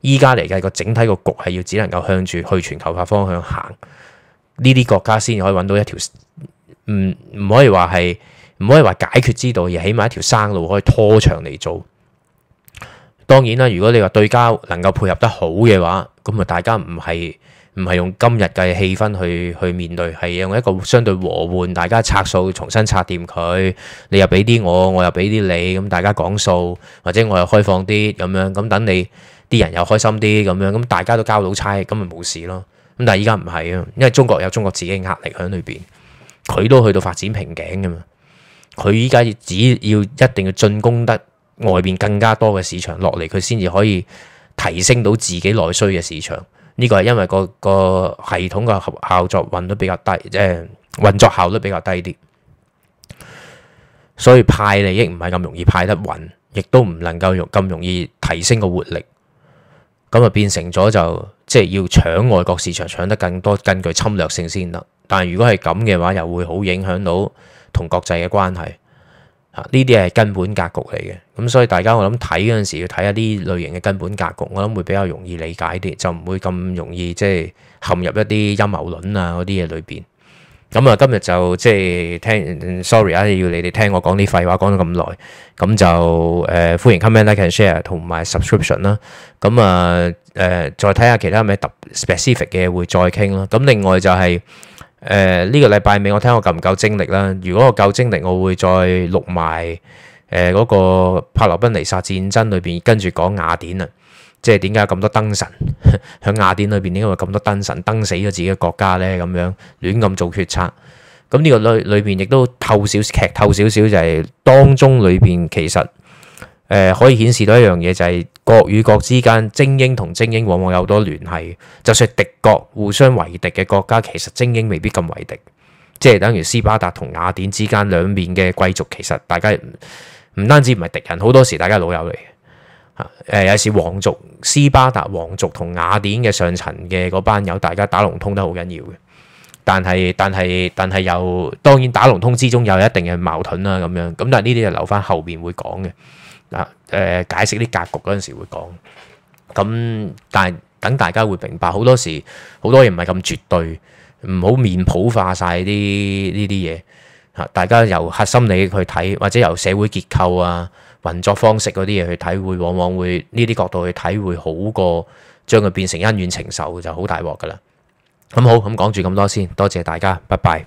[SPEAKER 1] 依家嚟嘅個整體個局係要只能夠向住去全球化方向行，呢啲國家先可以揾到一條，唔唔可以話係唔可以話解決之道，而起碼一條生路可以拖長嚟做。當然啦，如果你話對家能夠配合得好嘅話，咁啊大家唔係唔係用今日嘅氣氛去去面對，係用一個相對和緩，大家拆數重新拆掂佢，你又俾啲我，我又俾啲你，咁大家講數，或者我又開放啲咁樣，咁等你啲人又開心啲咁樣，咁大家都交到差，咁咪冇事咯。咁但係依家唔係啊，因為中國有中國自己嘅壓力喺裏邊，佢都去到發展瓶頸㗎嘛，佢依家只要一定要進攻得。外邊更加多嘅市場落嚟，佢先至可以提升到自己內需嘅市場。呢個係因為個個系統嘅效作運都比較低，即、呃、係運作效率比較低啲，所以派利益唔係咁容易派得勻，亦都唔能夠用咁容易提升個活力。咁啊，變成咗就即係要搶外國市場，搶得更多，更具侵略性先得。但如果係咁嘅話，又會好影響到同國際嘅關係。呢啲係根本格局嚟嘅，咁所以大家我諗睇嗰陣時要睇下啲類型嘅根本格局，我諗會比較容易理解啲，就唔會咁容易即係陷入一啲陰謀論啊嗰啲嘢裏邊。咁啊，今日就即係聽，sorry 啊，要你哋聽我講啲廢話講咗咁耐，咁就誒歡迎 comment like、share 同埋 subscription 啦。咁啊誒，再睇下其他咩特 specific 嘅會再傾啦。咁另外就係。誒，呢、呃這個禮拜尾我睇下我夠唔夠精力啦？如果我夠精力，我會再錄埋誒嗰個帕羅賓尼撒戰爭裏邊，跟住講雅典啊，即係點解咁多燈神響 雅典裏邊，點解會咁多燈神燈死咗自己嘅國家咧？咁樣亂咁做決策，咁呢個裏裏邊亦都透少劇透少少，就係當中裏邊其實。誒、呃、可以顯示到一樣嘢，就係、是、國與國之間精英同精英往往有多聯繫。就算敵國互相為敵嘅國家，其實精英未必咁為敵，即係等於斯巴達同雅典之間兩面嘅貴族，其實大家唔唔單止唔係敵人，好多時大家老友嚟嘅。嚇誒有時皇族斯巴達皇族同雅典嘅上層嘅嗰班友，大家打龍通都好緊要嘅。但係但係但係又當然打龍通之中有一定嘅矛盾啦咁樣。咁但係呢啲就留翻後面會講嘅。誒解釋啲格局嗰陣時會講，咁但係等大家會明白，好多時好多嘢唔係咁絕對，唔好面譜化晒啲呢啲嘢嚇。大家由核心利益去睇，或者由社會結構啊、運作方式嗰啲嘢去睇，會往往會呢啲角度去睇會好過將佢變成恩怨情仇就好大鑊噶啦。
[SPEAKER 2] 咁好，咁
[SPEAKER 1] 講住咁多先，多謝大家，拜拜。